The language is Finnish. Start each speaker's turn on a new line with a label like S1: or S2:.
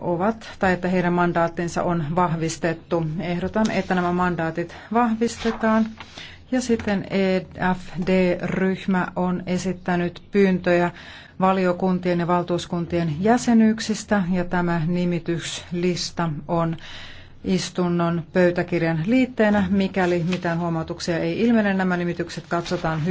S1: ovat tai että heidän mandaattinsa on vahvistettu. Ehdotan, että nämä mandaatit vahvistetaan. Ja sitten EFD-ryhmä on esittänyt pyyntöjä valiokuntien ja valtuuskuntien jäsenyyksistä ja tämä nimityslista on istunnon pöytäkirjan liitteenä. Mikäli mitään huomautuksia ei ilmene, nämä nimitykset katsotaan